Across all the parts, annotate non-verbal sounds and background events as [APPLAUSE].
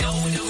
Yau da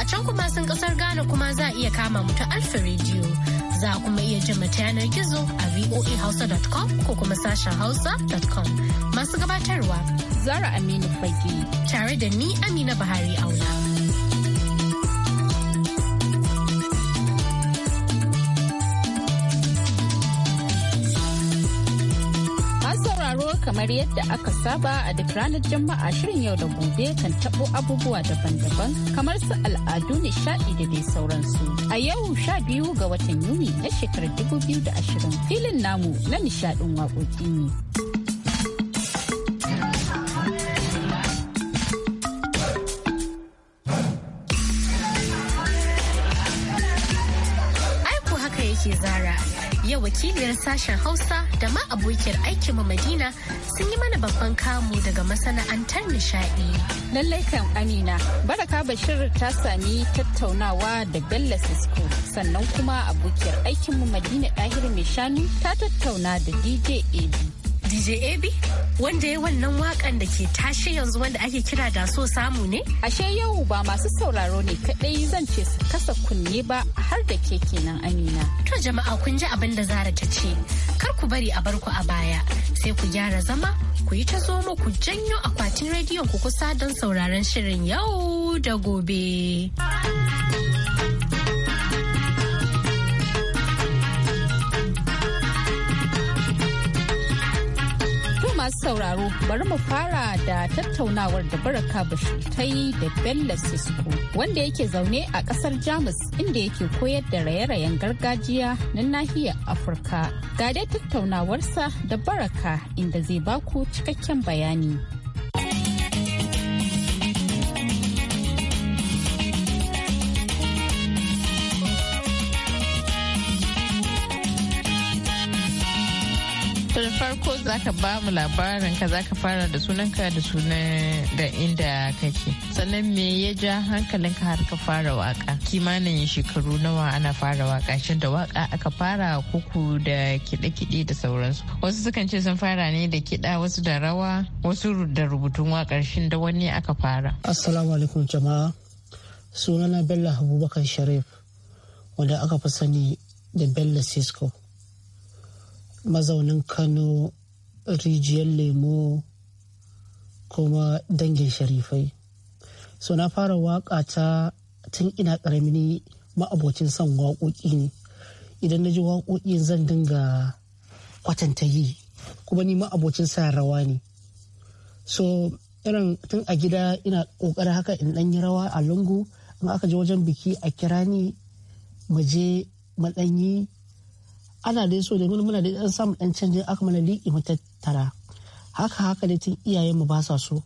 A can kuma sun kasar Ghana kuma za a iya kama mu ta Alfa Radio. Za a kuma iya jin ta yanar gizo a voahausa.com ko kuma sashen hausa.com. Masu gabatarwa. Zara Aminu Fage. Tare da ni Amina Buhari Aula. Kamar yadda aka saba a duk ranar jama'a shirin yau da gobe kan tabo abubuwa daban-daban kamar su al'adu nishaɗi da dai sauransu. A yau sha biyu ga watan Yuni na shekarar dubu biyu da ashirin filin namu na nishadin waƙoƙi ne. haka yake zara yau wakiliyar sashen hausa da ma abokiyar aikinmu Madina sun yi mana babban kamu daga masana'antar nishadi. Lallai kan Amina, Baraka Bashir ta sami tattaunawa da Bello Sisko sannan kuma abokiyar aikinmu Madina Dahir Mai Shanu ta tattauna da DJ AB. DJ AB wanda ya wannan wakan da ke tashe yanzu wanda ake kira da so samu ne? Ashe yau ba masu sauraro ne kaɗai zan ce su kasa kunne ba har da ke kenan Amina. To jama'a kun ji abin da Zara ta ce, kar ku bari a barku a baya sai ku gyara zama ku yi ta zomo ku janyo akwatin rediyon ku kusa don sauraron shirin yau da gobe. masu sauraro bari mu fara da tattaunawar da baraka bashir ta yi da bella sisko wanda yake zaune a kasar jamus inda yake koyar da raye-rayen gargajiya na nahiyar afirka ga dai tattaunawarsa da baraka inda zai baku cikakken bayani zaka ka ba mu labarin ka zaka fara da sunanka da sunan da inda kake sannan me ya ja hankalinka har ka fara waka kimanin shekaru nawa ana fara waka shin da waka aka fara kuku da kiɗe-kiɗe da sauransu wasu sukan ce sun fara ne da kiɗa wasu da rawa wasu da rubutun wakar shin da wani aka fara assalamu alaikum jama'a sunana bello abubakar sharif wanda aka fi sani da bello cisco mazaunin kano rijiyar lemo kuma dangin sharifai so na fara waka ta tun ina karamini ma'abocin son waƙoƙi ne idan na ji waƙoƙi zan dinga kwatanta yi kuma ni ma'abocin sa rawa ne so irin tun a gida ina ƙoƙarin haka in ɗan yi rawa a lungu in aka je wajen biki a kira ni mu je ana dai so da muna da dan samu dan canjin aka mana liƙi mu tattara haka haka da tun iyayenmu ba sa so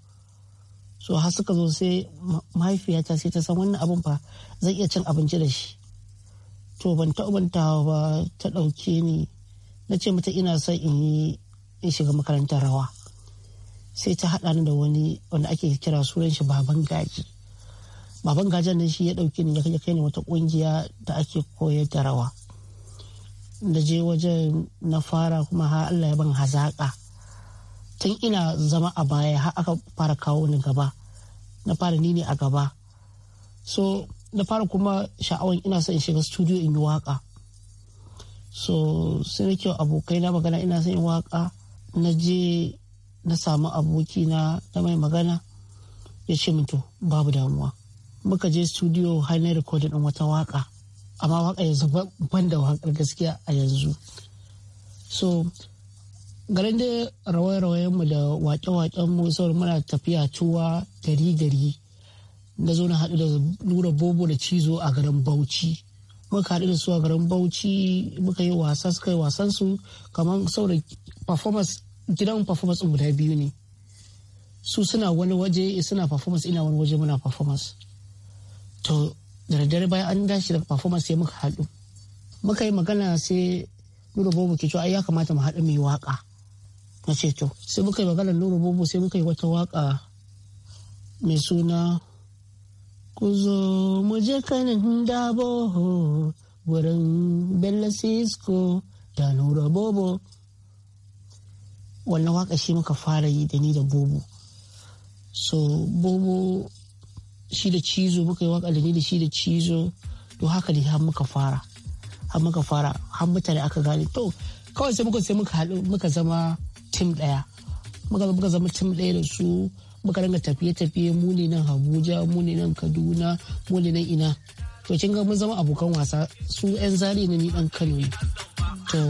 so har suka zo sai mahaifiyata sai ta san wannan abun fa zan iya cin abinci da shi to ban ta ubanta ba ta ɗauke ni na ce mata ina son in yi in shiga makarantar rawa sai ta haɗa ni da wani wanda ake kira suran shi baban gaji baban gajan nan shi ya ɗauke ni ya kai ni wata ƙungiya da ake koyar da rawa Naje je wajen na fara kuma ha Allah ya ban hazaƙa tun ina zama a baya har aka fara kawo ni gaba na fara ni ne a gaba so na fara kuma sha'awan ina son in shiga studio in yi waka so sai na kyau abokai na magana ina son in waka na je na samu aboki na ta mai magana ya ce min babu damuwa muka je studio har na recording wata waka amma waka yanzu ban da wakar gaskiya a yanzu so garin da rawaye-rawayen mu da wake-waken mu sauran muna tafiya tuwa gari-gari na zo na haɗu da nura bobo da cizo a garin bauchi muka haɗu da su a garin bauchi muka yi wasa suka yi wasan su kamar saboda performance gidan performance guda biyu ne su suna wani waje suna performance ina wani waje muna performance to da daddare bayan an dashi da performance sai muka haɗu muka yi magana sai nuna bobo ke cewa ai ya kamata mu haɗu mu yi waka na ce to sai muka yi magana nuna bobo sai muka yi wata waka mai suna ku zo mu je kanin dabo wurin bello cisco da nura bobo wannan waka shi muka fara yi da ni da bobo so bobo shi da cizo muka yi waka da ni da shi da cizo to haka ne har muka fara har muka fara har mutane aka gane to kawai sai muka sai muka haɗu muka zama tim ɗaya muka muka zama tim ɗaya da su muka ringa tafiye-tafiye mu ne nan Abuja mu ne nan Kaduna mu ne nan ina to kin ga mun zama abokan wasa su 'yan zari ne ni dan Kano to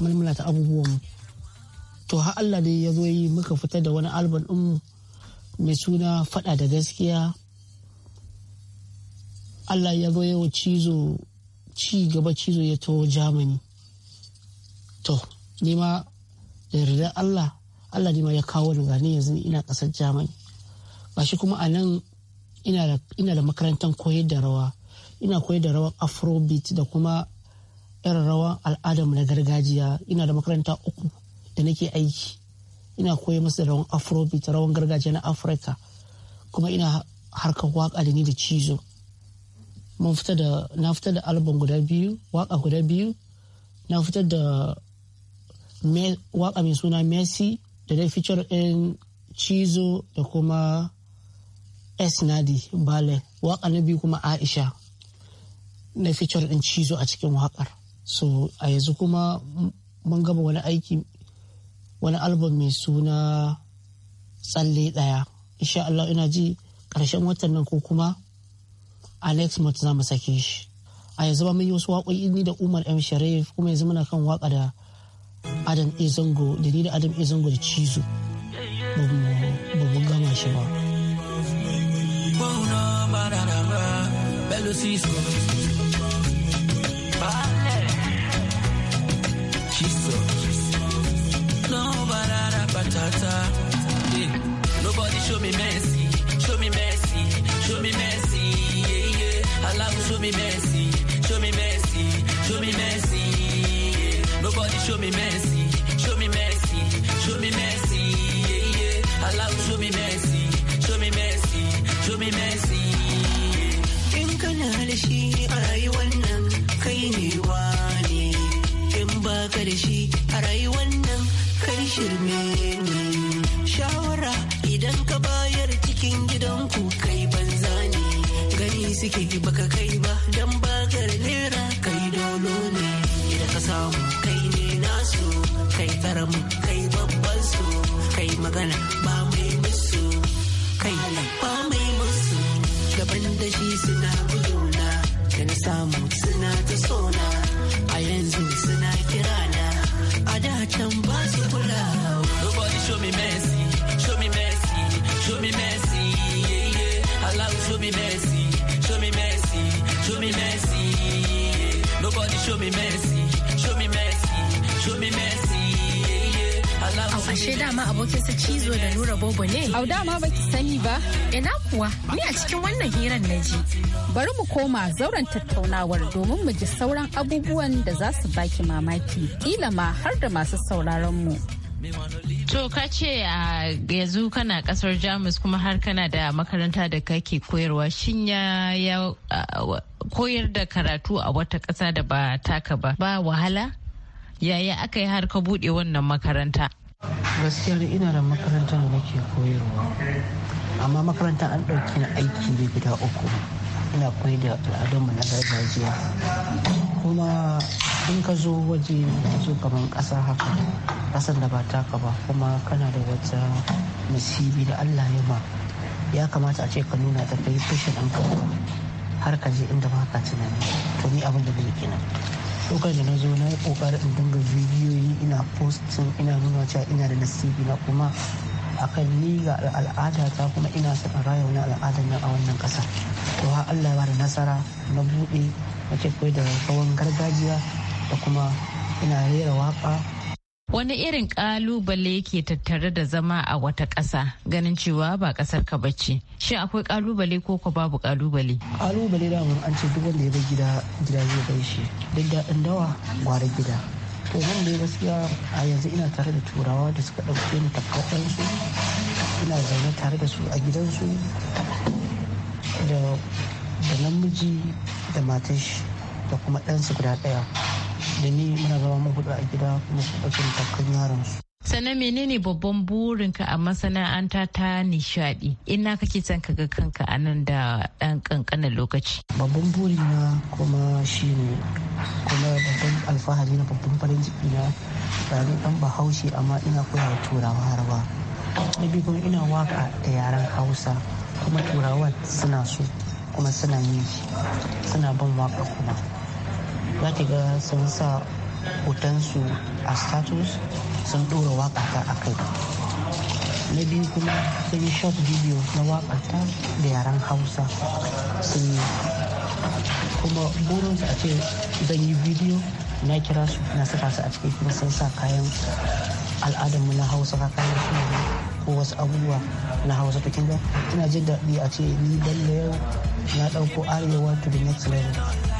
mulmula ta abubuwan to har Allah dai ya zo yi muka fitar da wani album din mai suna fada da gaskiya Allah ya zo wa cizo ci gaba cizo ya to Germany to nima da yarda Allah Allah nima ya kawo ni gani yanzu ina kasar Germany gashi kuma a nan ina da makarantar koyar da rawa ina koyar da rawar afrobeat da kuma irin rawa al'adamu na gargajiya ina da makaranta uku da nake aiki ina koya masa rawan afrobeat rawan gargajiya na afirka kuma ina harkar waka da ni da cizo mun fita da na fita da album guda biyu waka guda biyu na fitar da waka mai suna messi da dai fitar in cizo da kuma nadi bale waka na biyu kuma aisha na fitar ɗin cizo a cikin wakar so a yanzu kuma mun gama wani aiki wani album mai suna tsalle daya insha Allah ina ji karshen watan nan ko kuma alex mott za mu sake shi a yanzu ba mun yi wasu waƙoƙi ni da umar m sharif kuma yanzu muna kan waka da adam izango da ni da adam izango da cizo ba mu gama shi ba. me mercy, show me mercy, show me mercy, yeah, yeah. Allah, show me mercy. ki baka kai ba dan bakar nera kai dolo ne idan ka samu kai ne nasu kai karamu kai babban su kai magana ba mu abokinsa cizo da nura bobo ne? Au dama baki sani ba. Ina kuwa ni a cikin wannan hirar na ji. Bari mu koma zauren tattaunawar domin mu ji sauran abubuwan da za su baki mamaki. Ila ma har da masu sauraron mu. To ka ce a yanzu kana kasar Jamus kuma har kana da makaranta da kake koyarwa shin ya koyar da karatu a wata ƙasa da ba taka ba ba wahala? Yaya aka yi har ka buɗe wannan makaranta? gaskiya ina da makarantar da nake koyarwa amma makarantar an ɗauki na aiki ne gida uku ina koyar da al'adunmu na gargajiya kuma in ka zo waje ka zo kamar ƙasa haka ƙasar da ba taka ba kuma kana da wata musibi da allah ya ma ya kamata a ce ka nuna ta kai fushin an har ka je inda ba ka tunani to ni abin da bai kenan lokacin da na zo na yi kokarin in dinga bidiyoyi ina postin ina nuna cewa ina da nasibi na kuma akan ni ga al'ada ta kuma ina son a wani al'adar nan a wannan kasa to ha Allah ya bada nasara na buɗe na ce da kawon gargajiya da kuma ina rera waƙa wani irin kalubale yake tattare da zama a wata ƙasa ganin cewa ba ƙasar ka bacci shin akwai kalubale ko ko babu kalubale kalubale da an ce duk wanda ya bar gida gida zai bai shi duk da dawa gwara gida to nan dai gaskiya a yanzu ina tare da turawa da suka dauke ni su ina zaune tare da su a gidansu da namiji da matashi da kuma ɗansu guda ɗaya da ni muna zama mu a gida kuma su ɗauke da su. sannan menene babban burinka a masana'anta ta nishaɗi ina kake son ka ga kanka a nan da ɗan ƙanƙanin lokaci babban burina kuma shi ne kuma babban alfahari na babban farin ciki na ni ɗan bahaushe amma ina koya wa turawa harba na biyu kuma ina waka da yaren hausa kuma turawa suna so kuma suna yi suna ban waka kuma za ki ga sun sa hotonsu a status sun ɗora waka ta a kai na biyu kuma sun yi short video na waka ta da yaren hausa sun yi kuma burinsu a ce zan yi video na kira su na saka su a ciki kuma sun sa kayan al'adarmu na hausa kayan su ko wasu abubuwa na hausa ta kinga ina jin daɗi a ce ni dan yau na ɗauko arewa to the next level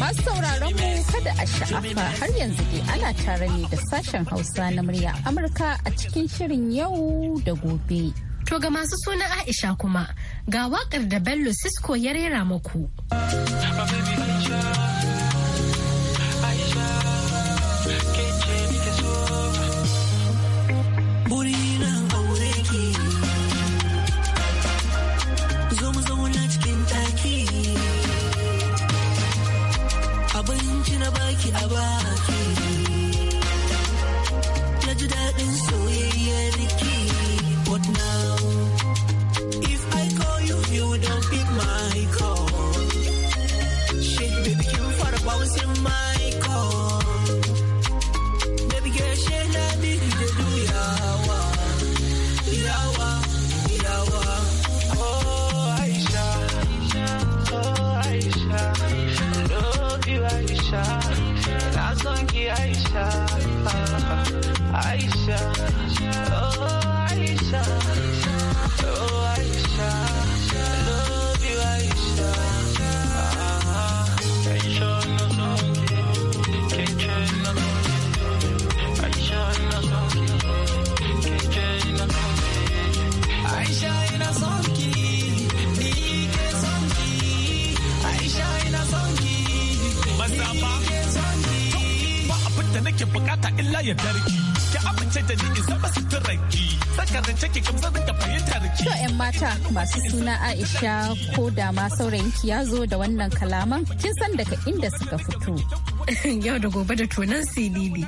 Masu sauraron mu kada a sha'afa har yanzu dai ana tare ne da sashen Hausa na murya Amurka a cikin shirin yau da gobe. To ga masu suna Aisha kuma ga waƙar da Bello Sisko ya rera maku. take kin mata masu suna Aisha ko da ma saurayinki ya zo da wannan kalaman kin san daga inda suka fito. [LAUGHS] Yau da gobe da tonan CDB.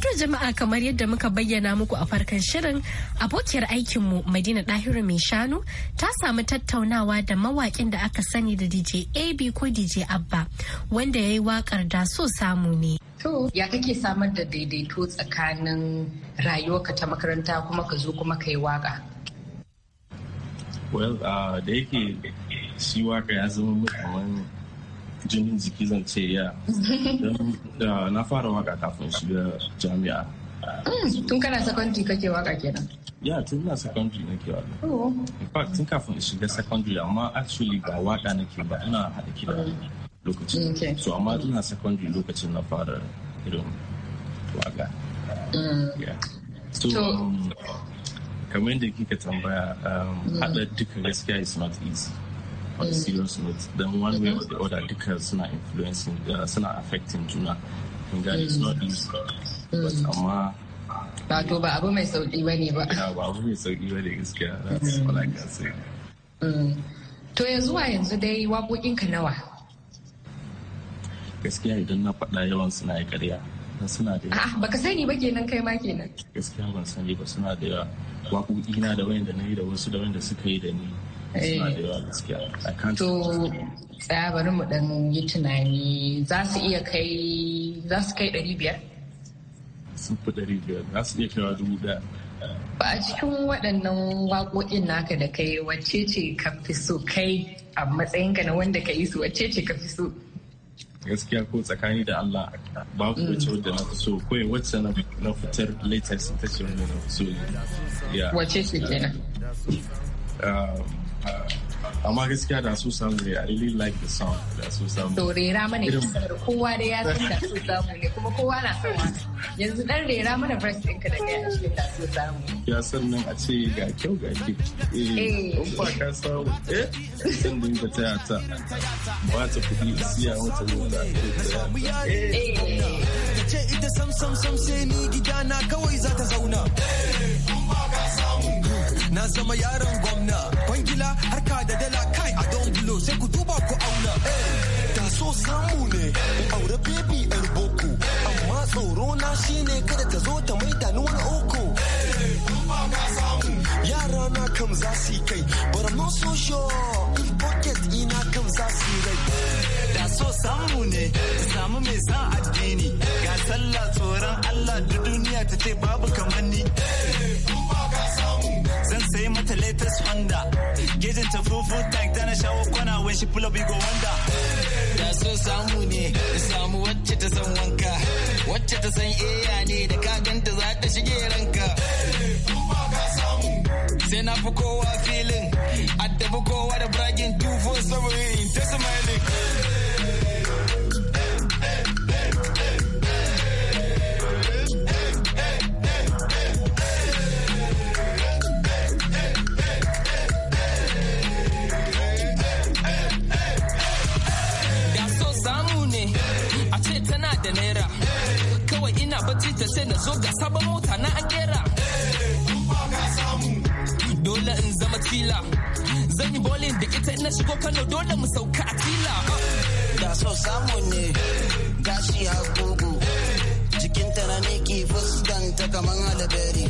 To jama'a kamar yadda muka bayyana muku a farkon shirin abokiyar aikinmu Madina Dahiru mai shanu ta samu tattaunawa da mawaƙin da aka sani da DJ AB ko DJ Abba wanda ya yi waƙar da so samu ne. To, ya kake samar da daidaito tsakanin rayuwarka ta makaranta kuma ka zo kuma ka yi waka? Well, uh, da yake shi waka ya zama kamar jinin jiki zan ce ya. [LAUGHS] Na fara waka kafin shiga jami'a. Hmm, tun kana secondary kake waka kenan? Ya, tun na secondary nake waka. Oh. In fact, tun kafin shiga secondary amma actually ba waka nake ba ina haɗa kiɗa. lokacin so amma tana secondary lokacin na fara irin waga mm. so um, kamar yadda kika tambaya um, mm. haɗa duka gaskiya is not easy on a mm. serious note then one way or the mm-hmm. other duka suna influencing uh, suna affecting juna in that is not easy but amma wato ba abu mai sauki ba ne ba ya ba abu mai sauki ba ne gaskiya that's all I can say to yanzu wa yanzu dai waƙoƙinka nawa gaskiya idan na faɗa yawan suna yi ƙarya suna da yawa ka sani ba kenan kai ma kenan gaskiya ban sani ba suna da yawa waƙoƙi na da wayanda na yi da wasu da wayanda suka yi da ni suna da eh. yawa gaskiya to tsaya bari mu dan yi tunani za su iya kai za su kai ɗari biyar sun fi ɗari biyar za su iya kaiwa dubu ɗaya ba a cikin waɗannan waƙoƙin naka da kai wacce ce ka fi so kai a matsayinka na wanda ka yi su wacce ce ka fi so gaskiya ko tsakani da Allah babu wacce mm. wadda na so ko wacce na fitar latex ta ce wadda na so ya wace ce kenan um, uh, amma gaskiya da su samu ne i really like the song da su samu to rera mana kisar kowa da ya san da su samu ne kuma kowa na son wani yanzu dan rera mana verse ɗinka da kai a da su samu ya san nan a ce ga kyau ga kyau eh, eh. ba ka samu eh zan dinga taya ta ba ta kuɗi siya wata mota eh ce eh. ita sam sam sam sai ni gida na kawai za ta zauna eh. na zama yaron gwamna kwangila harka da dala kai a don bulo sai ku duba ku auna ta eh, so samu ne aure baby yar boko amma tsoro na shine kada ta zo ta maida ni wani oko eh, yara na kam za su kai bara no so in pocket ina kam za su rai eh, da so samu ne samu mai san addini ga sallah tsoron Allah duk duniya ta ce babu kamar ni the latest Honda. into full full tank then tana shawo kwana when she pull up you go under. That's so samu ne, da samu wacce ta san wanka. Wacce ta san eya ne da ka ganta za ta shige ranka. Sai na fi kowa filin, addabi kowa da for 247 sai na zo ga sabon mota na an kera dole in zama tila zan yi bolin da ita na shigo kano dole mu sauka a tila da so samu ne gashi a gogo. jikinta na niki fuskanta kamar halabari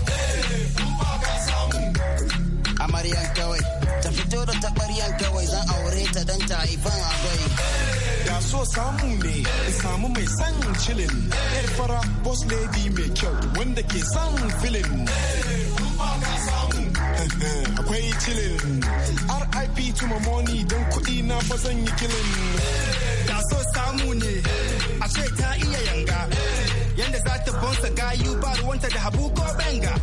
amaryan kawai ta fito da taɓaryan kawai zan aure ta dan ta haifan abai. so samu ne samu mai san cilin yar fara boss lady mai kyau wanda ke san filin [LAUGHS] akwai cilin rip to mamoni don kuɗi na fa zan yi kilin Ka so samu ne a ce ta iya yanga yanda za ta bonsa gayu ba ruwanta da habu ko benga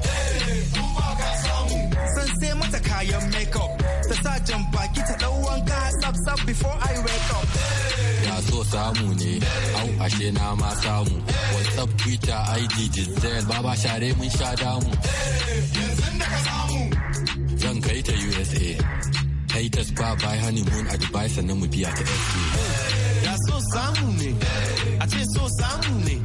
san sai mata kayan makeup ta sa jan baki ta ɗau wanka sab before i wake up so samu ne au ashe na ma samu whatsapp twitter id design baba share mun sha damu zan kai ta usa ta ba by honeymoon dubai na mu biya ta sk ya so samu ne a ce so samu ne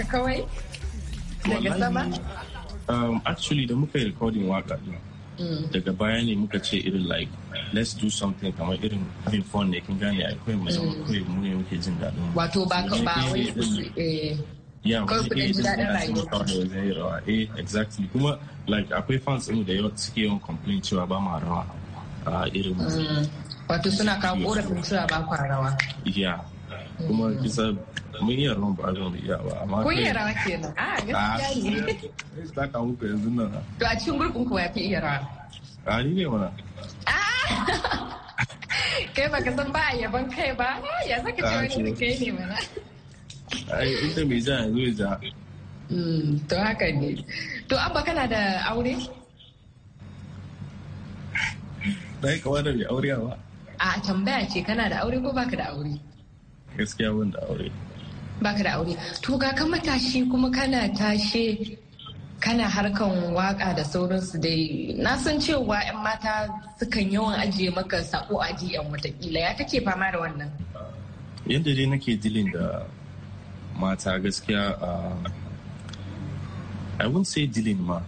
haka kawai daga sama um, actually da muka yi recording waka din mm. daga baya ne muka ce irin like let's do something kamar irin having fun ne kin gane a kawai mai zama mm. kawai mu ne muke jin daɗin wato ba ka ba wai e eh, Yeah, wani iya e jin daɗin rayuwa. Eh, exactly. Kuma like akwai fans ɗin da suke yawan complain cewa ba ma rawa a irin mm. Wato suna kawo korafin cewa ba kwa rawa. Yeah. Kuma kisa mun yi rawan ba da iya ba amma kun yi rawa kenan ah, a gaskiya ne ta ka muku yanzu nan to a cikin gurbin ku ya fi iya rawa a ah, ni ne a ah! [LAUGHS] kai baka san ba a yaban kai ba ya saka cewa wani da kai ne mana ai inda mai ja yanzu ya ja hmm, to haka ne to abba kana da aure na yi kama da aure ba a tambaya ce kana da aure ko baka da aure gaskiya ban da aure baka da aure to ga ka matashi kuma kana tashe kana harkan waka da sauransu dai na san cewa 'yan mata sukan yawan ajiye maka sako a yan watakila ya kake fama da wannan yadda dai nake dilin da mata gaskiya ah, i won't say dilin ma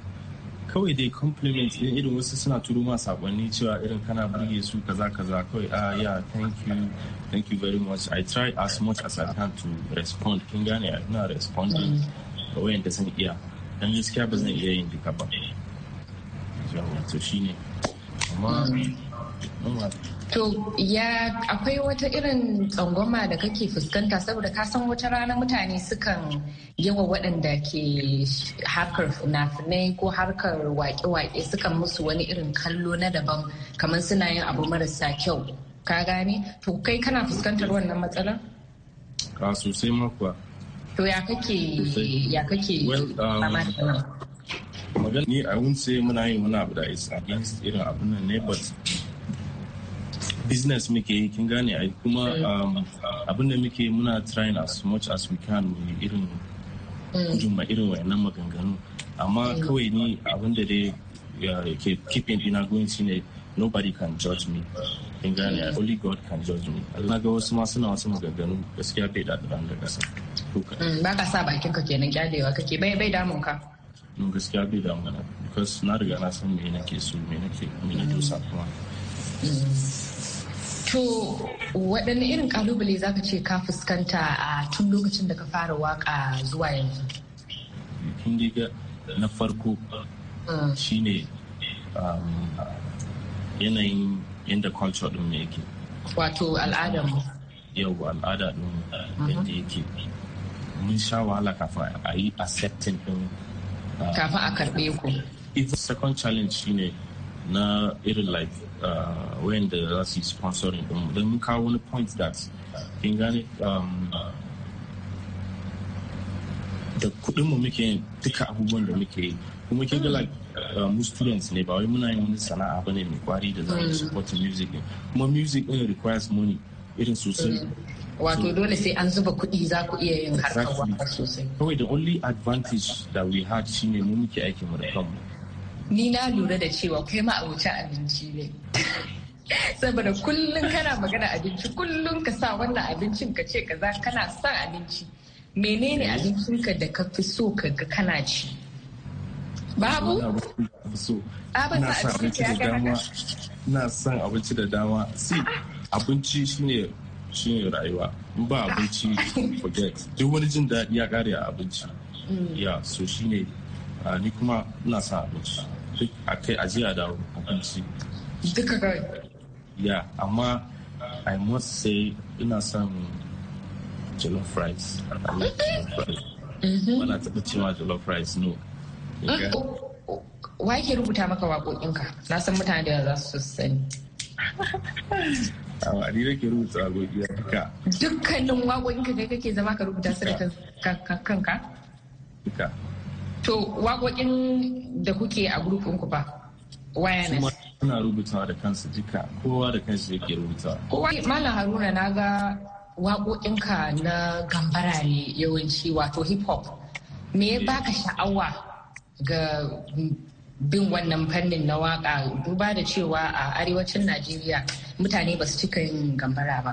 kawai dai compliment ne irin wasu suna turo ma sakonni cewa irin kana burge su kaza kaza kawai a ah, ya thank you thank you very much i try as much as i can to respond kin gane ina responding ga wayanda zan iya dan gaskiya ba zan iya yin duka ba yawa to ne amma To ya akwai wata irin tsangwama da kake fuskanta saboda ka san wata rana mutane sukan yawa waɗanda ke harkar fina-finai ko harkar wake-wake sukan musu wani irin kallo na daban kamar suna yin abu marasa kyau ka gane to kai kana fuskantar wannan matsalar ka sosai makuwa to ya kake ya kake um, magana ni a wun sai muna yin wani abu da is against irin abin nan ne but business muke yi kin gane ai kuma mm. um, abin da muke muna trying as much as we can mu irin gudunma mm. irin wayannan maganganu amma mm. kawai ni abin da dai ke keeping ina going shine nobody can judge me kin gane only god can judge me Allah ga wasu ma suna wasu maganganu gaskiya bai da da kasa mm, ba ka sa bakin ka kenan kyalewa kake bai bai damun ka no gaskiya bai damun na because na riga na san me nake so me nake me na dosa kuma mm. To waɗanne irin kalubale zaka ce ka fuskanta a tun lokacin da ka fara waka zuwa yanzu? Kun ga na farko mm. shine um, yanayin inda culture din mu yake wato al'adar mu yau al'ada din eh, mhm. yadda yake mun sha wahala kafin a yi accepting din eh, kafin a karɓe ku ita second challenge shine na irin like when the last yi sponsoring din don mun kawo wani point that kin gane um, da kuɗin mu muke duka abubuwan da muke yi kuma kin ga like Uh, mu students ne ba wai muna yin wani sana'a ba ne mai kwari da za mu mm. support music ne kuma music ɗin requires money irin sosai mm. wato dole sai an zuba kuɗi za ku iya yin harkar wata sosai kawai the only advantage that we had shine mu muke aikin mu da kanmu ni na lura da cewa kai ma a wuce abinci ne [LAUGHS] saboda kullum kana magana abinci kullum ka sa wannan abincin ka ce kaza kana son abinci menene mm. abincinka da ka fi so ka ga kana ci babu na ah, san abinci da dama ina san abinci ah, da ah. dama si abinci shine shine rayuwa in ba abinci [LAUGHS] forget duk wani jin daɗi ya kare a abinci mm. ya so shine ni kuma na san abinci duk akai ajiya da abinci duka kawai ya amma i must say ina son jollof rice i like jollof mm-hmm. na taɓa cewa jollof rice no Oh, oh, wa ke rubuta maka waƙoƙinka? Na san mutane da za su sani. Awa, ni ke rubuta waƙoƙi a duka. Dukkanin waƙoƙinka kai kake zama ka rubuta su da kanka? Duka. To, waƙoƙin da kuke a gurupinku ba, waya ne? Suna rubutawa da kansu duka, kowa da kansu yake rubutawa. Kowa, Malam Haruna na ga waƙoƙinka na gambara ne yawanci wato hip hop. Me ya eh. baka sha'awa ga bin wannan fannin na waka duba da cewa a arewacin najeriya mutane ba su cika yin gambara ba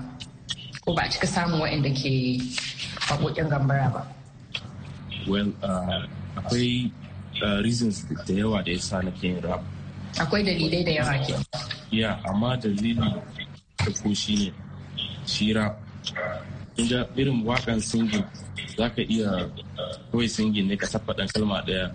ko ba a cika samun waɗanda ke haƙoƙin gambara ba well uh, akwai uh, reasons da yawa da ya sa na yin rap akwai dalilai da yawa ke ya amma dalili da ko shi ne shi rap ga irin wakan singin za ka iya kawai singing ne ka saffaɗan kalma ɗaya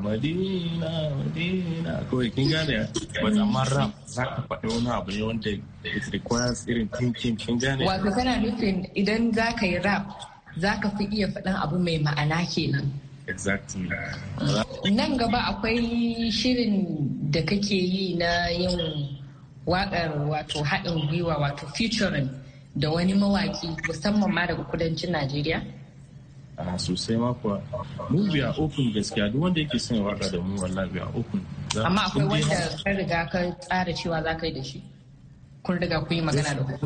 madina madina kawai kin gane ba amma rap za ka faɗi wani abu ne wanda it requires irin thinking kin gane wato kana nufin idan za ka yi rap za ka fi iya faɗan abu mai ma'ana kenan exactly nan gaba akwai shirin da kake yi na yin waƙar wato haɗin gwiwa wato featuring da wani mawaki musamman ma daga kudancin Najeriya? a sosai makuwa mu biya open gaskiya duk wanda yake son waka da mu wallahi biya open amma akwai wanda ka riga ka tsara cewa za ka yi da shi kun riga kun yi magana da ku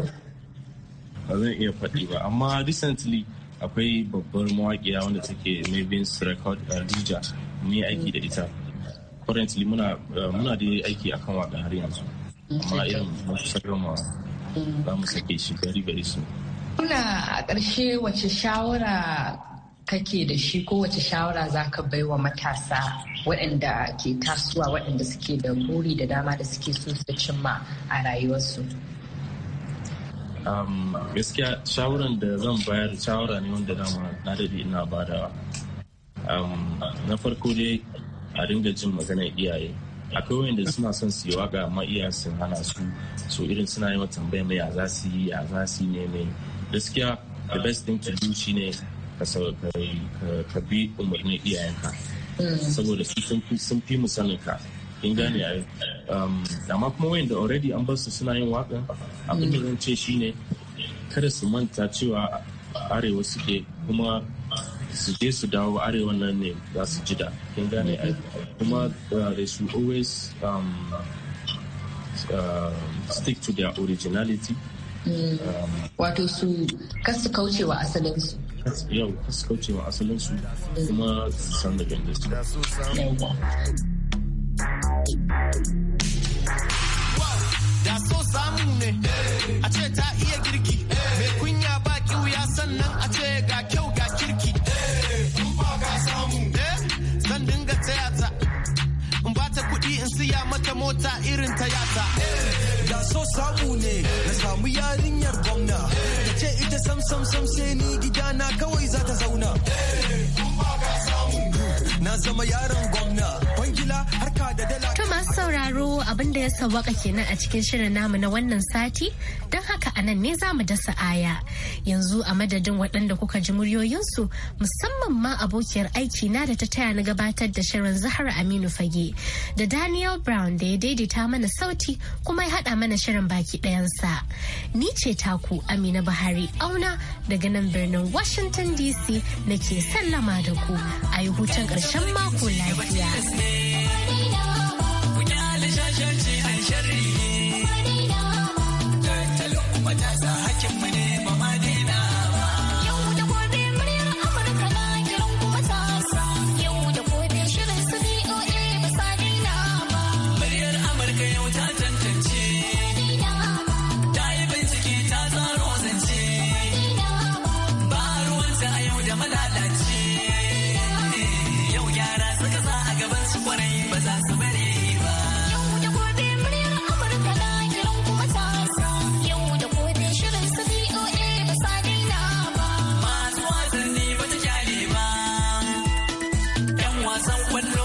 ba zan iya faɗi ba amma recently akwai babbar mawaƙiya wanda take Mavis record Dija mu yi aiki da ita currently muna da aiki akan waka har yanzu amma irin masu sarrafa Mm. za mu sake shi gari gari su. kuna a ƙarshe wace shawara kake da shi ko wace shawara za ka bai wa matasa waɗanda ke tasuwa waɗanda suke da buri da dama da suke so su cimma a rayuwarsu um, gaskiya shawaran da zan bayar shawara ne wanda dama na daɗi ina badawa um, na farko dai a dinga jin maganar iyaye akwai wanda suna son su yi waka amma sun hana su so irin suna yi wa tambaya mai za su yi a za su ne mai gaskiya the best thing to do ne ka bi umarnin iyayenka mm. saboda sun fi musamman ka in gane a um, amma kuma wayanda already an basu suna yin waka abin da zan ce ne. kada su manta cewa arewa suke kuma su je su dawo arewa nan ne za su ji da kin gane ai kuma uh, they should always um, uh, stick to their originality mm. um, wato su kasu kaucewa asalinsu yau kasu kaucewa asalinsu kuma su san da gandunsu da ne a mota irin ta yata da so samu ne na samu yarinyar gwamna da ce ita sam sam sam sai ni gida na kawai za ta zauna na zama yaron gwamna kwangila harka da dala sauraro abinda ya sawaka kenan a cikin shirin namu na wannan sati don haka a nan ne za mu dasa aya yanzu a madadin waɗanda kuka ji muryoyinsu musamman ma abokiyar aiki na da ta taya na gabatar da shirin zahra aminu fage da daniel brown da ya daidaita mana sauti kuma ya haɗa mana shirin baki ɗayansa ni ce taku amina buhari auna daga nan birnin washington dc na nake sallama da ku a yi hutun ƙarshen mako lafiya. wasan kwallo